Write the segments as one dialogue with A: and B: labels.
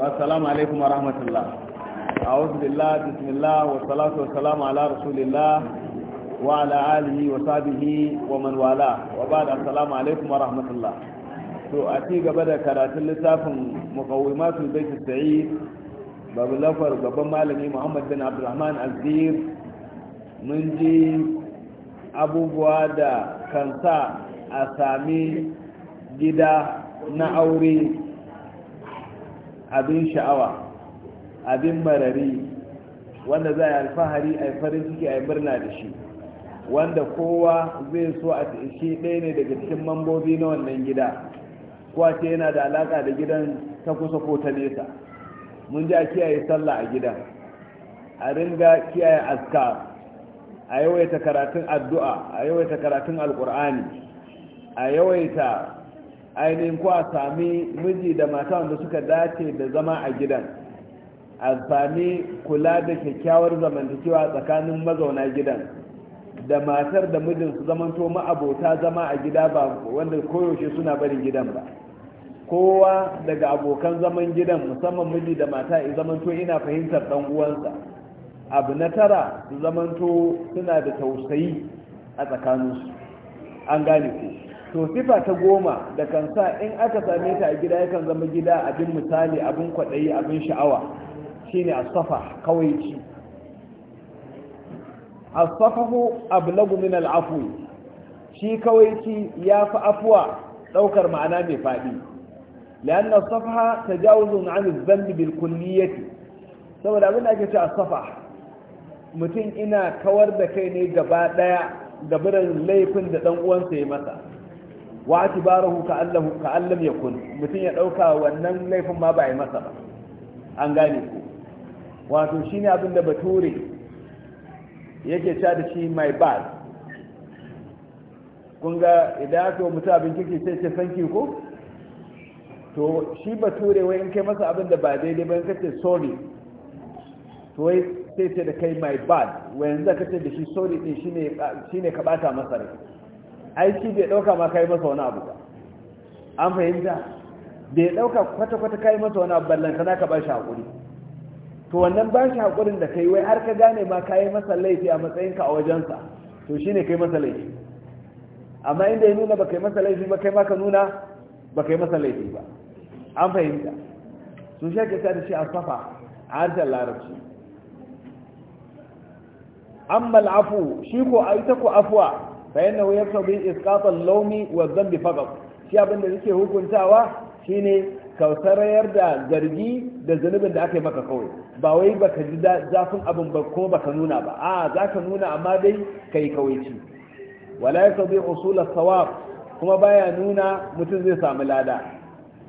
A: wabarakatuh assalamu alaikum wa rahmatullah a'udhu billahi bismillah wa salatu wa ala rasulillah wa ala alihi wa wa man wala wa ba'd assalamu alaikum wa rahmatullah to a ci gaba da karatun littafin muqawimatul bait sa'id babu lafar babban malami Muhammad bin Abdulrahman Azir mun ji abubuwa da kansa a sami gida na aure abin sha'awa abin marari wanda za a yi alfahari a yi farin ciki a yi murna da shi wanda kowa zai so a shi ɗaya ne daga cikin mambobi na wannan gida kowa ce yana da alaƙa da gidan ta kusa ko ta nesa mun ji a kiyaye sallah a gidan a ringa kiyaye aska, a yawaita karatun addu'a a yawaita karatun alƙur'ani a yawaita ainihin ko a sami miji da mata wanda suka dace da zama a gidan a sami kula da kyakkyawar zamantakewa tsakanin mazauna gidan da matar da mijin su zamanto ma'abota zama a gida ba wanda koyaushe suna barin gidan ba kowa daga abokan zaman gidan musamman miji da mata ya zamanto ina fahimtar dan uwansa abu na tara su zamanto suna da tausayi a tsakaninsu an gane ku to sifa ta goma da kan sa in aka same ta a gida ya kan zama gida abin misali abin kwaɗayi abin sha'awa shine a kawaici asafahu ablagu min al'afu shi kawai ci ya fi afuwa ɗaukar ma'ana mai faɗi لأن الصفحة تجاوز عن الذنب بالكلية saboda abin da ake ce a safa mutum ina kawar da kai ne gaba da biran laifin da ɗan uwansa ya masa wa atibarahu ka allahu ka allam yakun mutum ya dauka wannan laifin ma ba yi masa ba an gane ku wato shine abin da bature yake ca da shi mai ba kun ga idan aka yi mutum abin kiki sai ce sanki ko to shi bature wai in kai masa abin da ba daidai ba in kace sorry to wai sai ce da kai mai ba wai yanzu ka ce da shi sorry din shine shine ka bata masa rai Aiki bai dauka ma kai masa wani abu ba an fahimta bai dauka kwata kwata kai masa wani abu ballan kana ka bashi hakuri to wannan bashi hakurin da kai wai har ka gane ma kai masa laifi a matsayin ka a wajensa to shine kai masa laifi amma inda ya nuna baka yi masa laifi ba kai ma ka nuna baka yi masa laifi ba an fahimta su ke sa da shi a safa a harshen larabci amma al'afu shi ko a ita ko afuwa fa yannahu yaqtadi isqat al-lawmi wa dhanbi faqat shi abin da yake hukuntawa shine kautarayar da zargi da zunubin da aka yi maka kawai ba wai baka ji zafin abin ba ko baka nuna ba a zaka nuna amma dai kai kawaici wala yaqtadi usul as-sawab kuma baya nuna mutum zai samu lada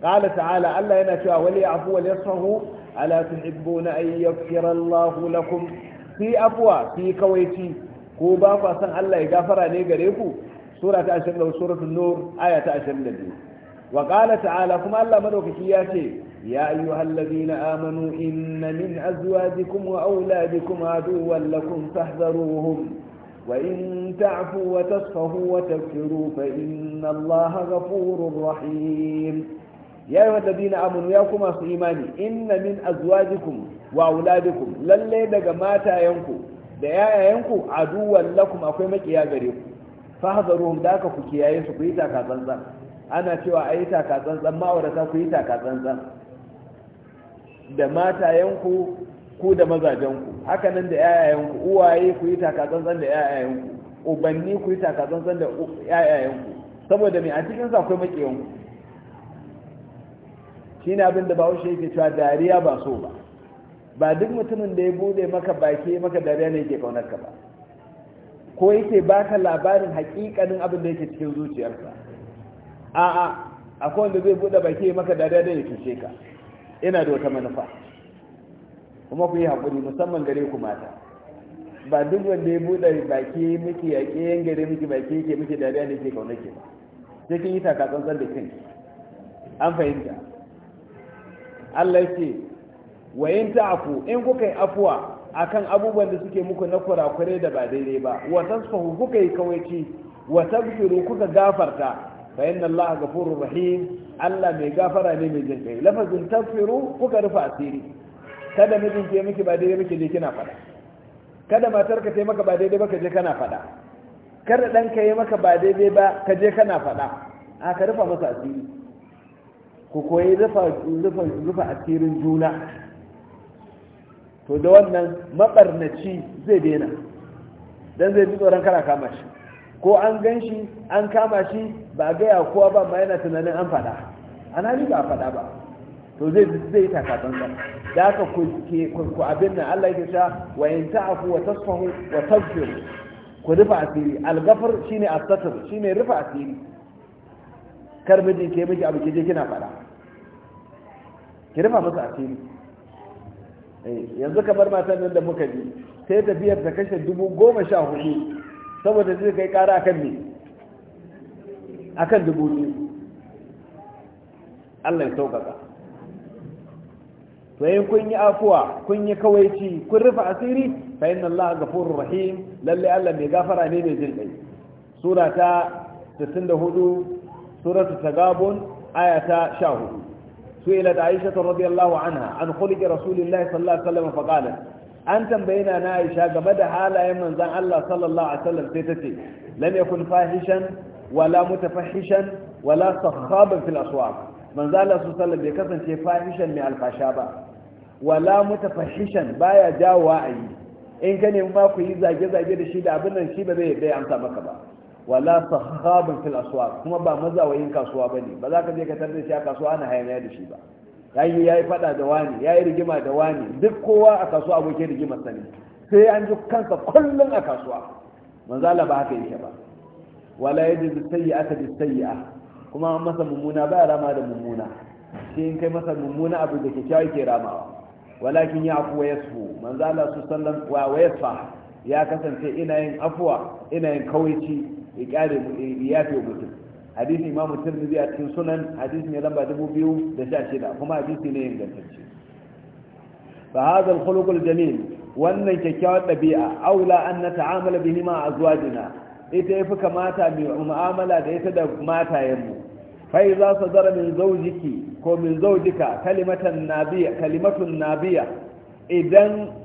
A: qala ta'ala Allah yana cewa wali afu wal yasfahu ala tuhibbuna an yaghfira Allahu lakum fi afwa kawaici ko ba kwa san Allah ya gafara ne gare ku sura ta 20 suratul nur aya ta 22 wa qala ta'ala kuma Allah madaukaki ya ce ya ayyuhallazina amanu inna min azwajikum wa auladikum aduwwan lakum fahdharuhum wa in ta'fu wa tasfahu wa taghfiru fa inna Allah ghafurur rahim ya yi wadda amanu ya kuma su imani inna min azwajikum wa auladikum lalle daga matayenku da yayayenku aduwan lakum akwai makiya gare ku fahzaruhum da aka ku kiyaye su ku yi taka tsantsan ana cewa a yi taka tsantsan ma'aurata ku yi taka tsantsan da matayenku ku da mazajenku haka nan da yayayenku uwaye ku yi taka tsantsan da yayayenku ubanni ku yi taka tsantsan da yayayenku saboda mai a cikin sa akwai makiyanku shine abin da bawo shi yake cewa dariya ba so ba ba duk mutumin da ya bude maka baki maka dariya ne yake kaunar ka ba ko yake baka labarin hakikanin abin da yake cikin zuciyarsa a'a akwai wanda zai bude baki maka dariya da ya ce ka ina da wata manufa kuma ku yi hakuri, musamman gare ku mata ba duk wanda ya bude baki miki yaƙe yan gare miki baki yake miki dariya ne yake kaunar ke ba sai kin yi takatsantsar da kanki an fahimta Allah ce Wa wayin ta'afu in kuka yi afuwa akan abubuwan da suke muku na kurakure da ba daidai ba wa tasfahu kuka yi kawaici wa tagfiru kuka gafarta fa inna allaha ghafurur rahim Allah mai gafara ne mai jinkai lafazin tagfiru kuka rufa asiri kada mijin ke miki ba daidai miki je kina fada kada matar ka ta maka ba daidai ba ka je kana fada kada dan ka yi maka ba daidai ba ka je kana fada a ka rufa masa asiri ku koyi rufa asirin juna to da wannan maɓarnaci zai daina don zai ji tsoron kara kama shi ko an gan shi an kama shi ba a gaya kowa ba ma yana tunanin an faɗa hali ba a faɗa ba to zai zai takatsan ba da aka ku ku abin nan Allah ya sha wa in ta'afu wa tasfahu wa taghfiru ku rufa asiri algafar shi shine as shi shine rufa asiri kar miji ke miki abu ke je kina faɗa ki rufa masa asiri Eh, yanzu kamar matan nan da muka bi sai tafiyar ta kashe dubu goma sha hudu saboda zai kai kara akan ne akan dubu biyu Allah ya sauƙaƙa to yin kun yi afuwa kun yi kawaici kun rufe asiri fa inna Allah ghafurur rahim lalle Allah mai gafara ne mai jin kai sura ta 64 suratul tagabun aya ta 14 سئلت عائشة رضي الله عنها عن خلق رسول الله صلى الله عليه وسلم فقالت an tambayina na Aisha game da halayen manzon Allah sallallahu alaihi wasallam sai tace lam yakun fahishan wala mutafahishan wala sakhaba fil aswaq manzon Allah sallallahu alaihi bai kasance fahishan mai alfasha ba wala mutafahishan baya jawo yi. in ka nemi ma ku yi zage zage da shi da abin nan shi ba zai amsa maka ba wala sahabin fil aswaq kuma ba mazawayin kasuwa bane ba za ka je ka tarde shi a kasuwa ana hayaniya da shi ba yayi yayi fada da wani yayi rigima da wani duk kowa a kasuwa abokin rigima sa sai an ji kansa kullun a kasuwa manzo Allah ba haka yake ba wala yajidu sayyi'ata bis sayyi'a kuma an masa mummuna ba rama da mummuna sai in kai masa mummuna abu da ke kyakkyawa ke ramawa walakin ya wa yasfu manzo Allah su sallan wa yasfa ya kasance ina yin afuwa ina yin kawaici ya kare ya fi mutum hadisi imamu tirmidhi a cikin sunan hadisi ne lamba dubu biyu da shida-shida kuma hadisi ne ingantacce fa hadha al-khuluq al-jamil wannan kyakkyawar dabi'a aula an nata'amala bihi ma azwajina ita yafi kamata mai mu'amala da ita da matayenmu za su zara min zaujiki ko min zaujika kalimatan nabiya kalimatun nabiya idan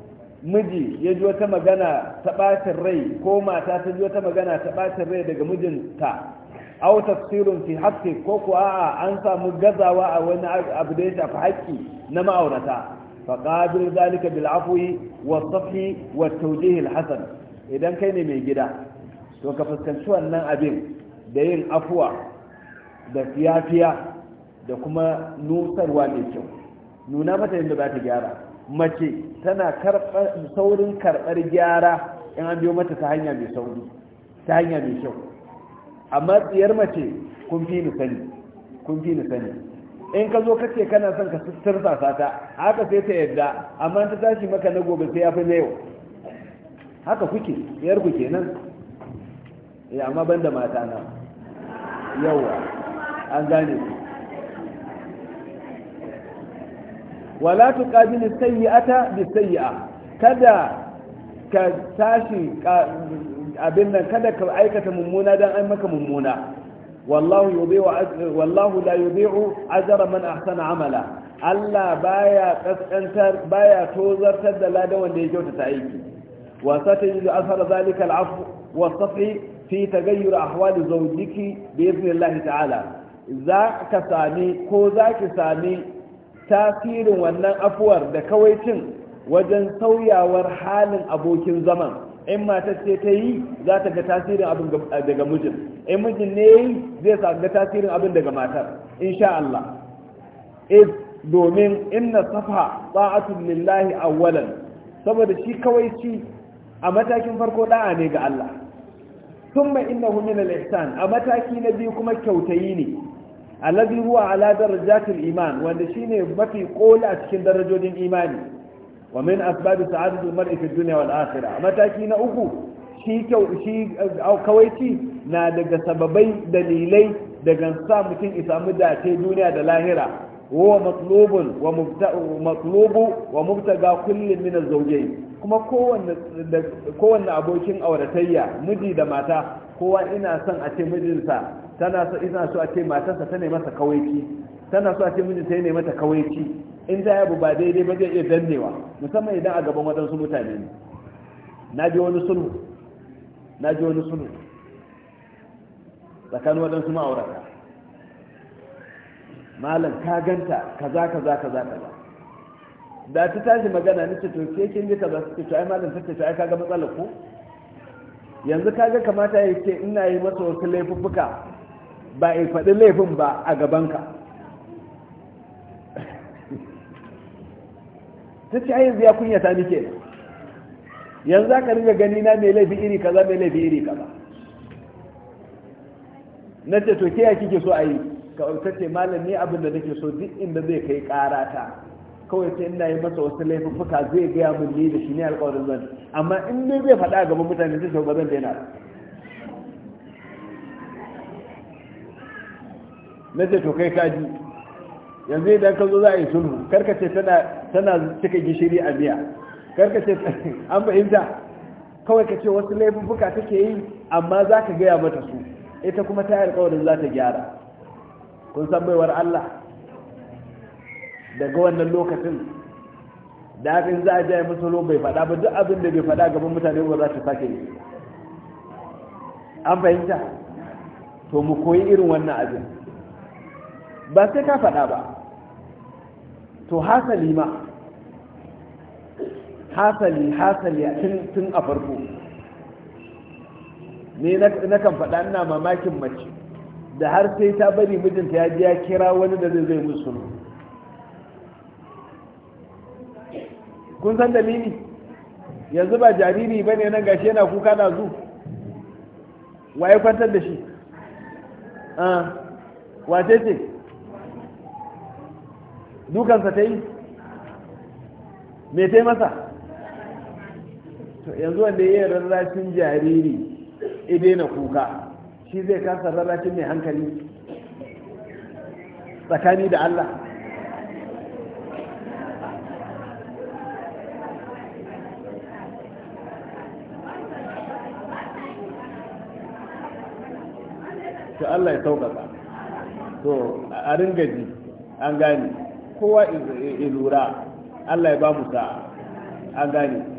A: miji ya ji wata magana ta ɓacin rai ko mata ta ji wata magana ta ɓacin rai daga mijinta au tafsirun fi haqqi ko kuwa a'a an samu gazawa a wani abu da ya shafi haƙƙi na ma'aurata fa qabil zalika bil afwi wa safhi wa tawjih al hasan idan kai ne mai gida to ka fuskanci wannan abin da yin afuwa da fiyafiya da kuma nusarwa mai kyau nuna mata yadda ba ta gyara mace tana saurin karɓar gyara in an biyo mata ta hanya mai sauri ta hanya mai kyau amma tsiyar mace kun fi ni sani kun fi ni sani in ka zo kace kana son ka tursasa sata haka sai ta yadda amma ta tashi maka na gobe sai ya fi na yau haka kuke yar ku kenan ya eh, amma banda mata na yawa an gane ku wala tuqabilu sayyi'ata bi sayyi'a kada ka tashi abin nan kada ka aikata mummuna dan an maka mummuna wallahu yudhi'u wallahu la yudhi'u ajra man ahsana amala Allah baya kaskantar baya tozartar da ladan wanda ya kyautata aiki wa satajidu athara zalika al'afu wa safi fi tagayyur ahwali zawjiki bi idhnillahi ta'ala za ka sami ko za ki sami tasirin wannan afuwar da kawaicin wajen sauyawar halin abokin zaman in mata ce ta yi za ta ga tasirin abin daga mijin in mijin ne yi zai ga tasirin abin daga matar insha Allah is domin inna safa ta'atun lillahi awwalan saboda shi kawai kawaici a matakin farko da'a ne ga Allah thumma innahu min al-ihsan a mataki na biyu kuma kyautayi ne alladhi huwa ala darajatil iman wanda shine mafi koli a cikin darajojin imani wa min asbabi al mar'i fi dunya wal akhirah mataki na uku shi kyau shi kawaici na daga sababai dalilai daga sa mutum ya samu dace duniya da lahira huwa matlubun wa matlubu wa mubtaga kullin min az-zawjayn kuma kowanne kowanne abokin auratayya miji da mata kowa ina son a ce mijinsa tana so ina so a ce matarsa ta ne masa kawaici tana so a ce mijinta ya ne mata kawaici in za yabu ba daidai ba zai iya dannewa musamman idan a gaban waɗansu mutane ne na ji wani sulhu na ji wani sulhu tsakanin waɗansu ma'aurata malam ka ganta kaza kaza kaza kaza da ta tashi magana ni ce to ke kin ga kaza ce to ai malam take to ai kaga matsalar ku yanzu kaga kamata ya ce ina yi masa wasu laifuffuka ba a faɗi laifin ba a gabanka ta ce yanzu ya kunyata ni ke yanzu aka riga gani na mai laifi iri kaza mai laifi iri kaza na ce to ke ya kike so a yi ka ce malam ne abin da nake so duk inda zai kai karata kawai sai ina yi masa wasu laifuka zai gaya mun ni da shi ne alƙawarin zan amma in ne zai faɗa a gaban mutane zai ba zan daina na ce to kai kaji yanzu idan ka zo za a yi sulhu karka ce tana cika gishiri a miya karka ce an fahimta kawai ka ce wasu laifuka take yi amma za ka gaya mata su ita kuma ta yi alƙawarin za ta gyara kun san baiwar Allah daga wannan lokacin da abin za a jaya masolo bai faɗa ba duk abin da bai faɗa gaban mutane ba za ta sake ne an fahimta to mu koyi irin wannan abin ba sai ka faɗa ba to hasali ma hasali hasali tun a farko ne na kan faɗa ina mamakin mace da har sai ta bari mijinta ya ji ya kira wani da zai zai musulun kun san dalili yanzu ba jariri ba ne nan gashi yana kuka na zu waye kwantar da shi ah, wace ce dukansa ta yi
B: me ta masa
A: yanzu wanda ya yi rarrashin jariri idai na kuka shi zai kasa rarracin mai hankali tsakani da Allah to Allah ya sauƙaƙa to a ringa an gani. kowa in lura Allah ya ba mu sa an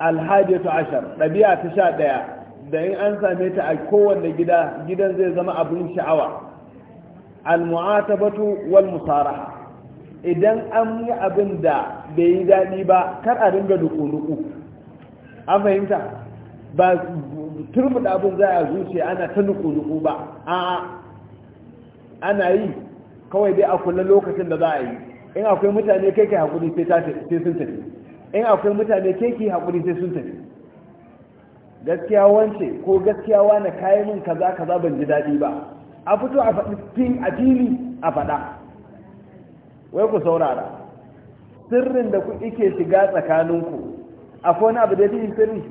A: Alhaji alhajiyatu ashar ɗabi'a ta sha ɗaya da in an same ta a kowanne gida gidan zai zama abin sha'awa almu'atabatu wal musaraha idan an yi abin da bai yi daɗi ba kar a ringa duku-duku an fahimta ba turbuɗa abin za a zuce ana ta nuku-nuku ba a ana yi kawai dai a kullum lokacin da za a yi in akwai mutane kai haƙuri sai sun tafi in akwai mutane kai haƙuri sai sun tafi gaskiya wance ko gaskiya wane kayi min kaza kaza ban ji daɗi ba a fito a faɗi a fili a faɗa wai ku saurara sirrin da ku ike shiga tsakaninku akwai wani abu da fi sirri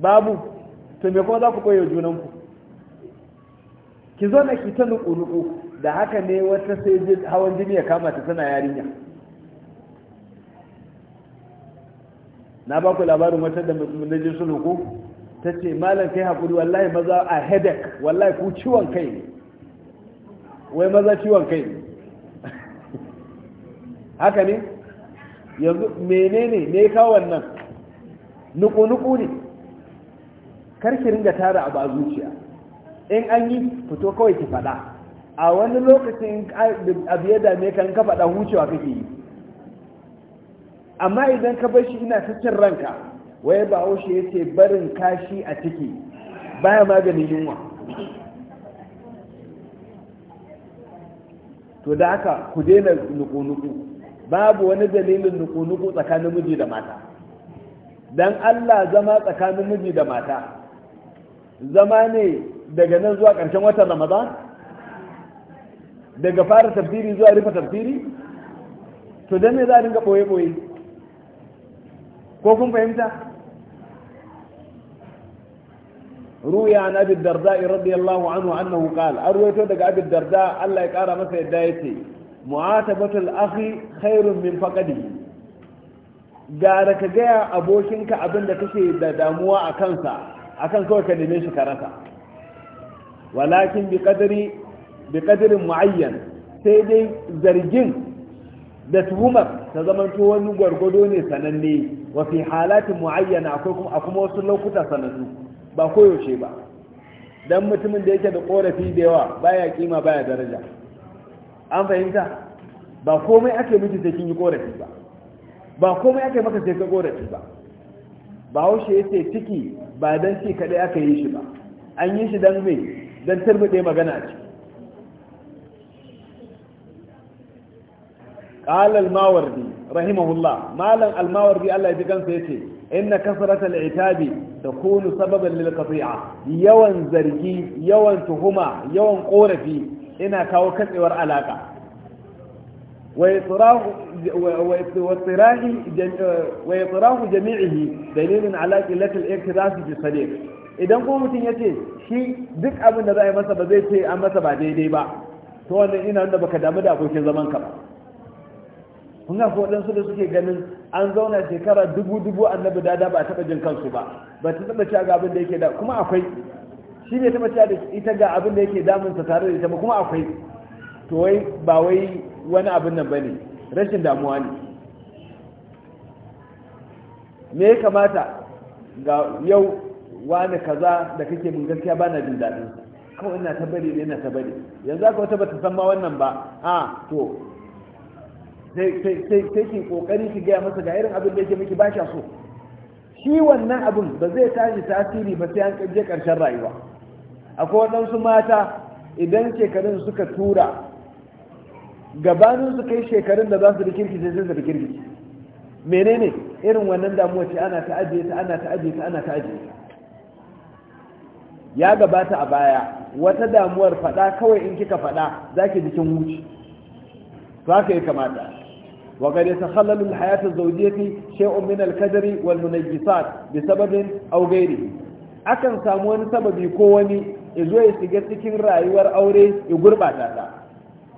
A: babu to me kuma za ku koyo junanku ki zo na ki ta nuku da haka ne wata sai hawan jini ya kama ta tana yarinya na ba ku labarin wata da manajin nuku ta ce malam kai haƙuri wallahi maza a headache wallahi ku ciwon kai ne wai maza ciwon kai ne haka ne yanzu menene ne ka wannan nuku-nuku ne karki ringa tara abu a zuciya in an yi fito kawai ki faɗa a wani lokacin abu ya dame kan ka fada wucewa kake yi amma idan ka bar shi ina cikin ranka waye ba haushe ya ce barin kashi a ciki baya maganin yunwa to da haka ku daina nukunuku. babu wani dalilin nuku-nuku tsakanin miji da mata dan Allah zama tsakanin miji da mata zama ne daga nan zuwa ƙarshen watan ramadan daga fara tafsiri zuwa rufe tafsiri to dan ne za a dinga ɓoye-ɓoye ko kun fahimta روي عن أبي الدرداء رضي الله عنه أنه daga أرويته دق Allah ya الله masa مثل دايتي mu'atabatul akhi khairun min faqadihi gara ka gaya abokinka abinda da kake da damuwa a kansa akan kawai ka neme shi ka rasa walakin bi qadri bi qadri muayyan sai dai zargin da tuhumar ta to wani gwargwado ne sananne wa fi halatin muayyana akwai kuma akuma wasu lokuta sanannu ba koyaushe ba dan mutumin da yake da korafi da yawa baya kima baya daraja an fahimta ba komai ake miki sai kin yi korafi ba ba komai ake maka sai ka korafi ba ba haushe ya ce ciki ba don ce kaɗai aka yi shi ba an yi shi don mai don turbuɗe magana ce قال الماوردي رحمه الله مالا الماوردي الله يجيكم سيتي إن كثرة العتاب تكون سببا للقطيعة يوان زرقي يوان تهما يوان قورفي ina kawo katsewar alaka wa tsirahu jami'ihi dalilin ala qillati al bi sadiq idan ko mutum ya ce shi duk abin da za yi masa ba zai ce an masa ba daidai ba to wannan ina wanda baka damu da abokin zaman ka ba kun ga su da suke ganin an zauna shekara dubu dubu annabi dada ba taɓa jin kansu ba ba ta taba ci ga abin da yake da kuma akwai shi ne ta mace da ita ga abin da yake damunsa tare da ita ba kuma akwai to wai ba wai wani abin nan ba ne rashin damuwa ne me ya kamata ga yau wani kaza da kake min gaskiya ba na jin daɗin kawai ina ta bari ne ina ta bari yanzu aka wata bata san ma wannan ba a to sai ki kokari ki gaya masa ga irin abin da yake miki ba so shi wannan abin ba zai tashi tasiri ba sai an je karshen rayuwa akwai waɗansu mata idan shekarun suka tura gabanin su kai shekarun da za su da kirki sai su da kirki menene irin wannan damuwa ce ana ta ajiye ta ana ta ajiye ta ana ta ajiye ta ya gabata a baya wata damuwar faɗa kawai in kika faɗa zaki ki jikin wuce za ka yi kamata وقد يتخلل الحياة الزوجية شيء من الكدر والمنجسات بسبب أو غيره akan samu wani sababi ko wani ya zo ya shiga cikin rayuwar aure ya gurbata ta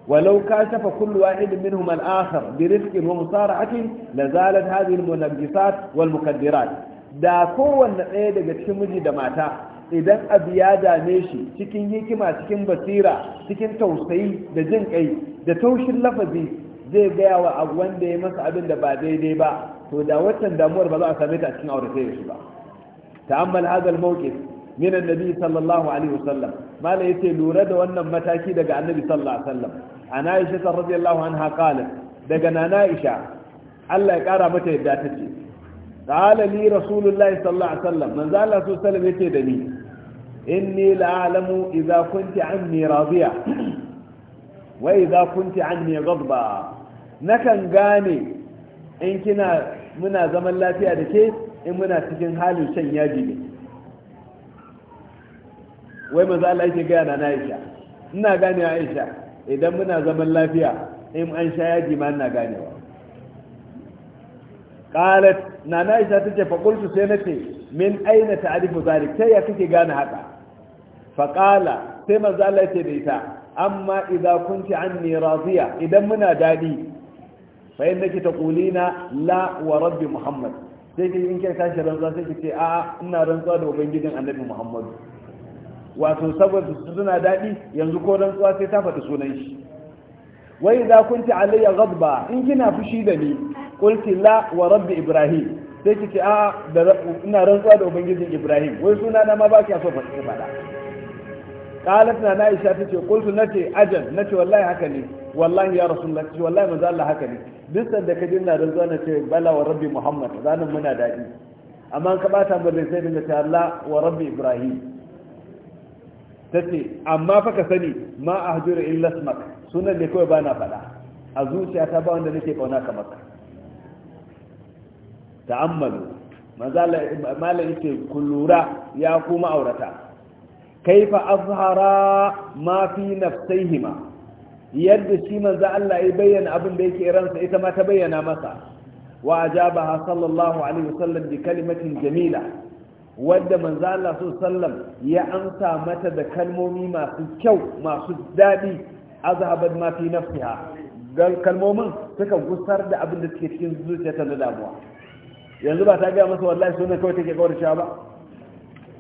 A: walau ka shafa kullu wahid minhum al-akhar bi rizqin wa musara'atin la zalat hadhihi al-munajjisat wal mukaddirat da kowanne ɗaya daga cikin miji da mata idan abu ya dame shi cikin hikima cikin basira cikin tausayi da jin kai da taushin lafazi zai gaya wa abu wanda ya masa abin da ba daidai ba to da wancan damuwar ba za a same ta cikin auratayyar shi ba ta'ammal hadal mawqif min annabi sallallahu alaihi wasallam malai yace lura da wannan mataki daga annabi sallallahu alaihi wasallam ana aisha radiyallahu anha qalat daga nana aisha Allah ya kara mata yadda ta ce qala li rasulullahi sallallahu alaihi wasallam manzo Allah sallallahu alaihi wasallam yace da ni inni la'alamu idza kunti anni radiya wa idza kunti anni ghadba nakan gane in kina muna zaman lafiya da ke in muna cikin halin shan yaji ne wai manzo Allah yake gaya na Aisha ina gane Aisha idan muna zaman lafiya in an sha yaji ma ina ganewa qalat na Aisha tace fa qultu sai nace min aina ta'rifu zalik sai ya kike gane haka fa qala sai maza Allah yake da ita amma idza kunti anni radiya idan muna dadi fa innaki taqulina la wa rabbi muhammad sai in kai tashi ranzuwa sai ki ce a'a ina rantsuwa da ubangijin annabi muhammadu wato saboda suna daɗi yanzu ko rantsuwa sai ta faɗi sunan shi wai za kun ci alayya gadba in kina fushi da ni qulti la wa rabbi ibrahim sai kike a da ina rantsuwa da ubangijin ibrahim wai suna na ma ba ki so faɗi faɗa qalat na aisha tace qultu nace ajal nace wallahi haka ne wallahi ya rasulullah ce wallahi manzo Allah haka ne duk sanda ka dinna rantsuwa nace bala wa rabbi muhammad zanin muna daɗi amma ka bata mu sai dinga ta Allah wa rabbi ibrahim ta ce amma fa ka sani ma a hajjura illa smak sunan ne kawai ba na faɗa a zuciya ta ba wanda nake kauna kamar ta'ammalu malam yake ku lura ya kuma aurata kaifa azhara ma fi nafsaihima yadda shi manzo Allah ya bayyana abin da yake ransa ita ma ta bayyana masa wa ajabaha sallallahu alaihi wasallam bi kalimatin jamila wadda manzo Allah sallam ya amsa mata da kalmomi masu kyau masu daɗi azhabat ma fi nafsiha gal kalmomin suka gusar da abin da suke cikin zuciyarta na damuwa yanzu ba ta ga masa wallahi sunan kawai take kawar sha ba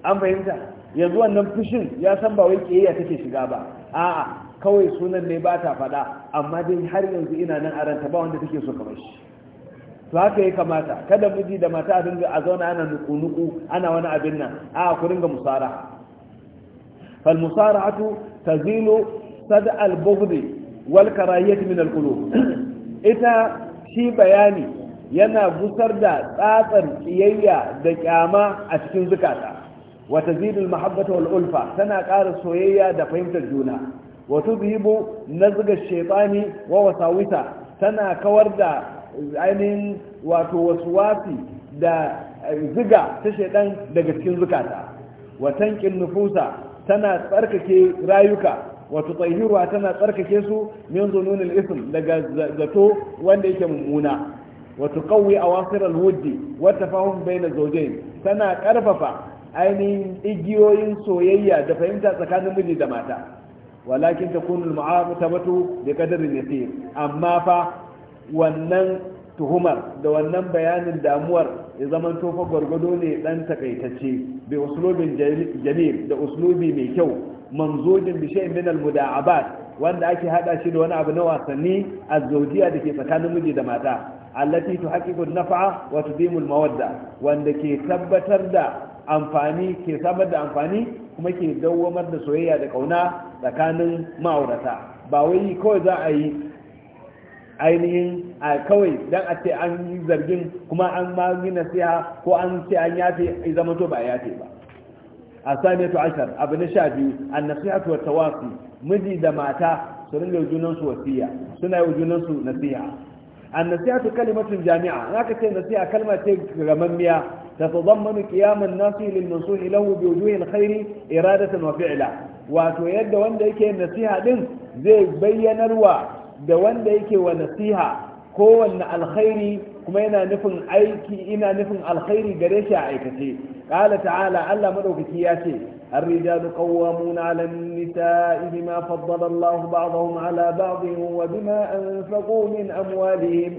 A: an fahimta yanzu wannan fushin ya san ba wai kiyayya take shiga ba a'a kawai sunan ne ba ta faɗa amma dai har yanzu ina nan aranta ba wanda take so kamar shi to haka ya kamata kada miji da mata abin dinga a zauna ana nuku-nuku ana wani abin nan a ku dinga musara fal musara'atu tazilu sad al bughdi wal karayat min al qulub ita shi bayani yana gusar da tsatsar kiyayya da kyama a cikin zukata wa tazilu al mahabbata wal ulfa tana ƙara soyayya da fahimtar juna wa tuzhibu nazga shaytani wa wasawisa tana kawar da ainihin wato waswasi da eh, ziga ta shaidan daga cikin zukata watan nufusa tana tsarkake rayuka wato tsahiruwa tana tsarkake su min zununil isim daga zato wanda yake mummuna wato qawwi awasir wata wa bai na zawjayn tana karfafa ainihin igiyoyin soyayya da fahimta tsakanin miji da mata walakin takunu al-mu'afatabatu bi qadri nasir amma fa wannan tuhumar da wannan bayanin damuwar ya zaman tofa gwargwado ne dan takaitacce bi uslubin jamil da uslubi mai kyau manzojin bi shay'in min al-muda'abat wanda ake hada shi da wani abu na wasanni azzaujiyya da ke tsakanin miji da mata allati tuhaqqiqu an-naf'a wa tudimu al-mawadda wanda ke tabbatar da amfani ke samar da amfani kuma ke dawwamar da soyayya da kauna tsakanin ma'aurata ba wai kawai za a yi ainihin a kawai dan a ce an yi zargin kuma an ma yi nasiha ko an ce an yafe zama to ba yafe ba a saniyatu ashar abu na sha biyu an miji da mata su ringa yi junansu wasiya suna yi junansu nasiha an nasihatu kalimatun jami'a in aka ce nasiha kalma ce gamammiya تتضمن قيام الناس للمنصوح له بوجوه الخير إرادة fila. wato yadda wanda yake nasiha din zai bayyanarwa da wanda yake wa nasiha kowanne alkhairi kuma yana nufin aiki ina nufin alkhairi gare shi a aikace qala ta'ala Allah madaukaki ya ce الرجال قوامون على النساء بما فضل الله بعضهم على بعض وبما أنفقوا من أموالهم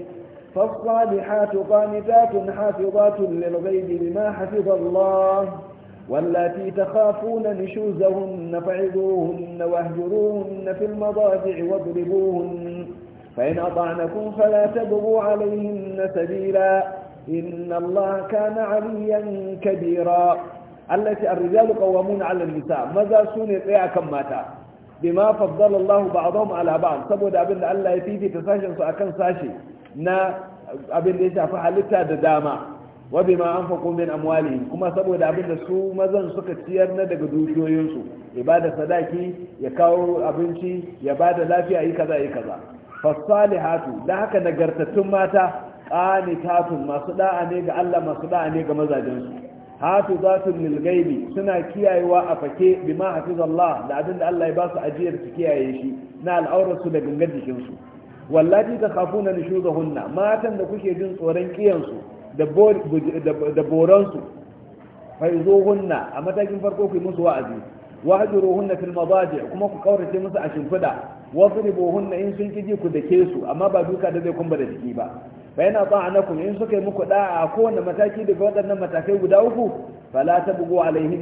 A: فالصالحات قانتات حافظات للغيب بما حفظ الله واللاتي تخافون نشوزهن فعظوهن واهجروهن في المضاجع واضربوهن فإن أطعنكم فلا تبغوا عليهن سبيلا إن الله كان عليا كبيرا التي الرجال قوامون على النساء ماذا سنة إيه كم ماتا بما فضل الله بعضهم على بعض سبو دا أبن الله يفيدي تساشن سأكن ساشي نا أبن ليش فحلتا دداما وبما أنفقوا من أموالهم كما سبو دا أبن سو ماذا سكت سيرنا دا قدوشو ينسو إبادة صداكي يكاو أبنشي يبادة لا في أي كذا أي كذا hatu, da haka nagartattun mata qanitatun masu da'a ne ga Allah masu da'a ne ga mazajensu Hatu lil milgaibi suna kiyayewa a fake bima hafizallah da abinda Allah ya ba su ajiyar su kiyaye shi na al'aurarsu da gangar jikinsu wallahi ta khafuna nushuzahunna matan da kuke jin tsoron kiyansu da boransu zo hunna a matakin farko ku musu wa'azi hunna fil mazaji kuma ku kaurace musu a shimfiɗa. na in sun kiji ku dake su amma ba duka da zai kumba da jiki ba fa yana ta'anakum in suka yi muku da'a a kowane mataki daga waɗannan matakai guda uku fala tabghu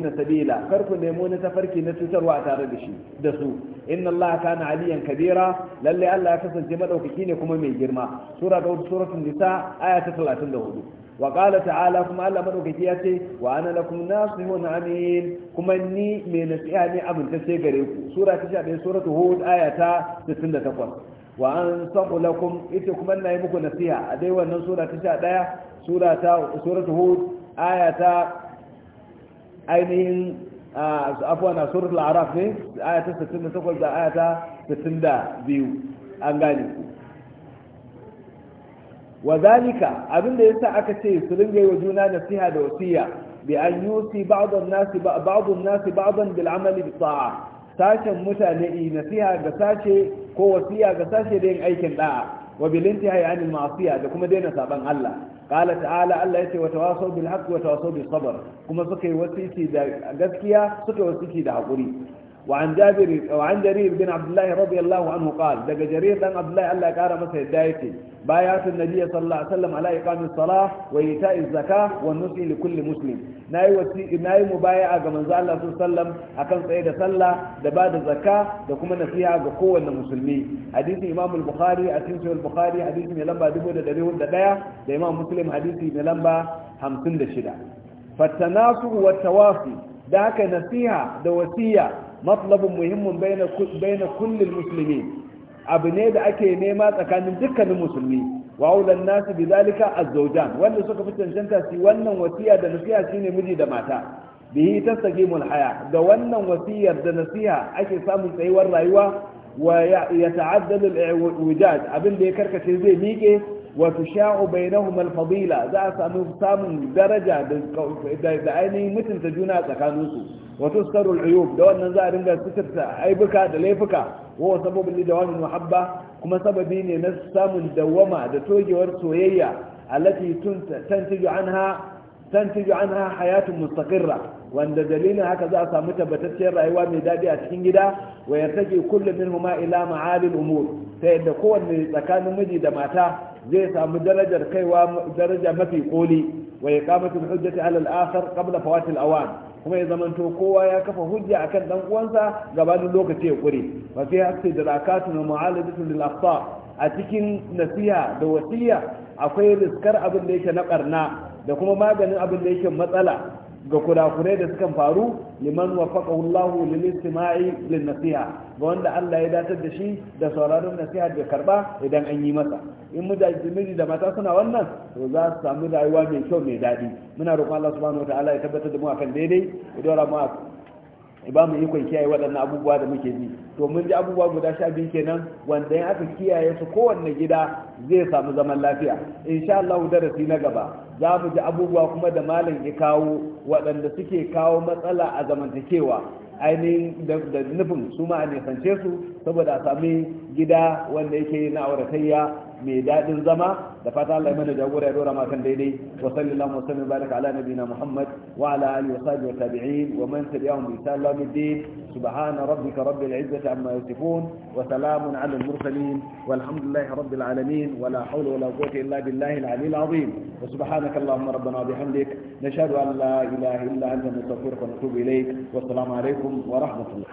A: na sabila kar ku nemo na tafarki na cutarwa a tare da shi da su inna allaha kana aliyan kabira lalle Allah ya kasance madaukaki ne kuma mai girma sura ta suratul nisa aya ta hudu. wa qala ta'ala kuma Allah madaukaki ya ce wa ana lakum nasihun amin kuma ni mai nasiha ne amintacce gare ku sura ta 11 suratu hud aya ta 68 wa an lakum ita kuma na yi muku nasiha a dai wannan sura ta 11 sura ta suratu hud aya ta ainihin afwan suratul araf ne aya ta 68 da aya ta 62 an gane ku wa zalika abinda yasa aka ce su ringa yi wa juna nasiha da wasiya bi an yusi ba'dun nasi ba'dun nasi ba'dan bil amali bi ta'a sashen mutane yi nasiha ga sashe ko wasiya ga sashe da yin aikin da'a wa bil intihai anil ma'siya da kuma daina saban Allah qala ta'ala Allah yace wa tawasaw bil haqqi wa tawasaw bis sabr kuma suka yi wasiki da gaskiya suka wasiki da hakuri وعن جابر وعن جرير بن عبد الله رضي الله عنه قال دق جرير بن عبد الله الله قال مثل دايتي بايعت النبي صلى الله عليه وسلم على إقام الصلاة وإيتاء الزكاة والنصح لكل مسلم ناي وسي ناي مبايعة كما زال الله صلى الله عليه وسلم أكن سيد صلى دباد الزكاة دكما نصيحة قوة المسلمين حديث إمام البخاري أتين البخاري حديث من لمبا دبو دبو دبايا دا إمام مسلم حديث من لمبا همسند الشدة فالتناصر والتوافي ذاك نصيحة دوسية matlabun muhimmin baina kullin musulmi abu ne da ake nema tsakanin dukkanin musulmi wa aulan nasu bi zalika azzawjan wanda suka fi cancanta su wannan wasiya da nasiha shine miji da mata bihi tastajimul haya da wannan wasiyar da nasiha ake samun tsayuwar rayuwa wa ya ta'addadu al-wijaj abin da ya karkace zai miƙe wa tusha'u na al-fadila za a samun daraja da ainihin mutunta juna tsakanin su wa tuskaru uyub da wannan za a dinga sitarta aibuka da laifuka wa wa sababin lidawamin muhabba kuma sababi ne na samun dawama da togewar soyayya allati tantiju anha tantiju anha hayatun mustaqirra wanda dalilin haka za a samu tabbatacciyar rayuwa mai daɗi a cikin gida wa kullum kullu huma ila ma'alil umur ta yadda kowanne tsakanin miji da mata zai samu darajar kaiwa daraja mafi koli wa iqamatul hujjati ala al-akhar qabla fawati al-awan kuma ya zamanto kowa ya kafa hujja akan dan uwansa gabanin lokaci ya kure wa fi haqqi darakatun wa mu'alajatun lil akhta a cikin nasiha da wasiya akwai riskar abin da yake na barna da kuma maganin abin da yake matsala ga kurakurai da suka faru liman wafaqahu Allahu lil istima'i lin nasiha ga wanda Allah ya datar da shi da sauraron nasiha da karba idan an yi masa in miji da mata suna wannan to za su samu rayuwa mai kyau mai daɗi muna roƙon Allah subhanahu wataala ya tabbatar da mu akan daidai ya dora mu ba mu ikon kiyaye waɗannan abubuwa da muke bi to mun ji abubuwa guda sha biyu kenan wanda in aka kiyaye su kowanne gida zai samu zaman lafiya insha Allah darasi na gaba za mu ji abubuwa kuma da malam ya kawo waɗanda suke kawo matsala a zamantakewa ainihin da nufin su ma a nisance su saboda a sami gida wanda yake na auratayya mai daɗin zama da fata Allah ya mana jagora ya dora ma kan daidai wa sallallahu wa sallam baraka ala nabiyina Muhammad wa ala alihi wa sahbihi wa tabi'in wa man tabi'ahum bi ihsan ila yawmiddin subhana rabbika rabbil izzati amma yasifun wa salamun ala al mursalin walhamdulillahi rabbil alamin wa la hawla wa la quwwata illa billahi al ali al azim wa subhanaka allahumma rabbana bihamdik nashhadu an la ilaha illa anta nastaghfiruka wa natubu ilayk wa assalamu alaikum wa rahmatullah